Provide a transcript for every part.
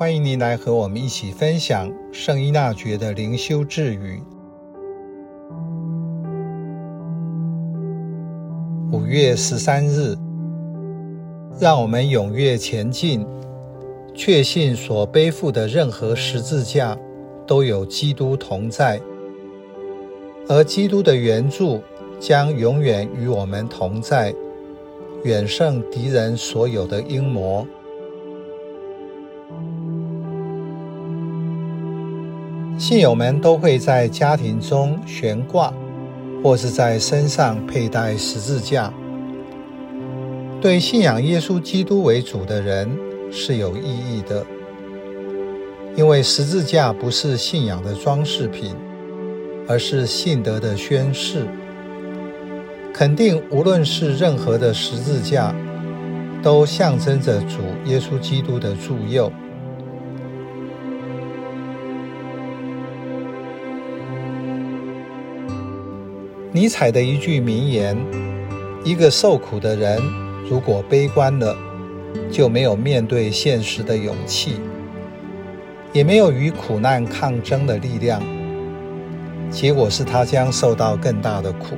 歡迎您來和我們一起分享聖依納爵的靈修智語。五月十三日，讓我們踴躍前進，確信所背負的任何十字架都有基督同在，而基督的援助將永遠與我們同在，遠勝敵人所有的陰謀。信友們都會在家庭中懸掛，或是在身上佩戴十字架。對信仰耶穌基督為主的人是有意義的，因為十字架不是信仰的裝飾品，而是信德的宣誓。肯定，無論是任何的十字架，都象徵着主耶穌基督的助佑。尼采的一句名言：“一個受苦的人，如果悲觀了，就沒有面對現實的勇氣，也沒有與苦難抗爭的力量，結果是他將受到更大的苦。”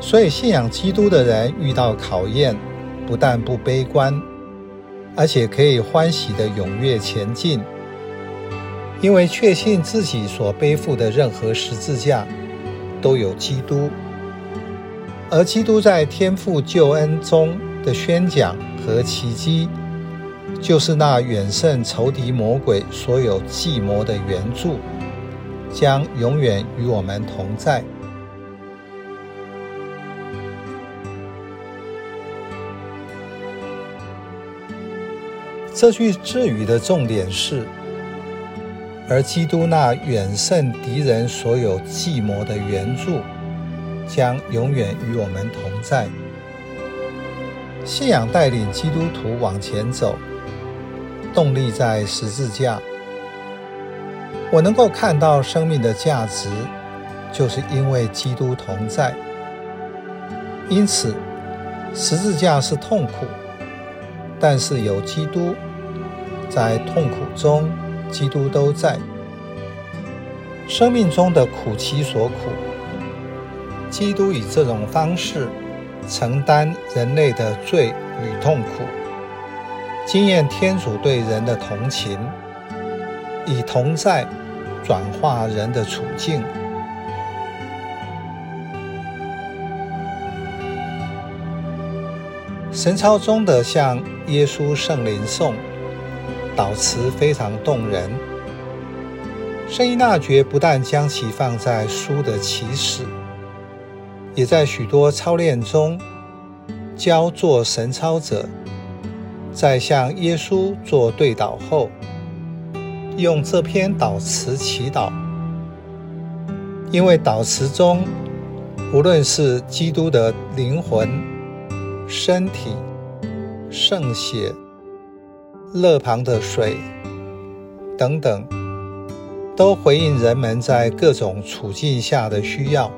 所以，信仰基督的人遇到考驗，不但不悲觀，而且可以歡喜的踴躍前進。因為確信自己所背負的任何十字架都有基督，而基督在天父救恩中的宣講和奇蹟，就是那遠勝仇敵魔鬼所有計謀的援助，將永遠與我們同在。這句智語的重點是。而基督那遠勝敵人所有計謀的援助，將永遠與我們同在。信仰帶領基督徒往前走，動力在十字架。我能夠看到生命的價值，就是因為基督同在。因此，十字架是痛苦，但是有基督在痛苦中。基督都在生命中的苦其所苦，基督以這種方式承擔人類的罪與痛苦，經驗天主對人的同情，以同在轉化人的處境。神操中的向耶穌聖靈頌。禱詞非常動人。聖依納爵不但將其放在書的起始，也在許多操練中教做神操者，在向耶穌做對禱後，用這篇禱詞祈禱，因為禱詞中無論是基督的靈魂、身體、聖血。肋旁的水，等等，都回應人們在各種處境下的需要。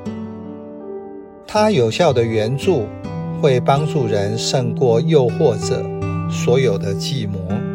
祂有效的援助，會幫助人勝過誘惑者所有的計謀。